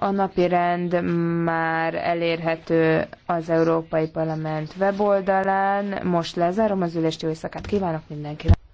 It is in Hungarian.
A napirend már elérhető az Európai Parlament weboldalán. Most lezárom az ülést, jó éjszakát kívánok mindenkinek!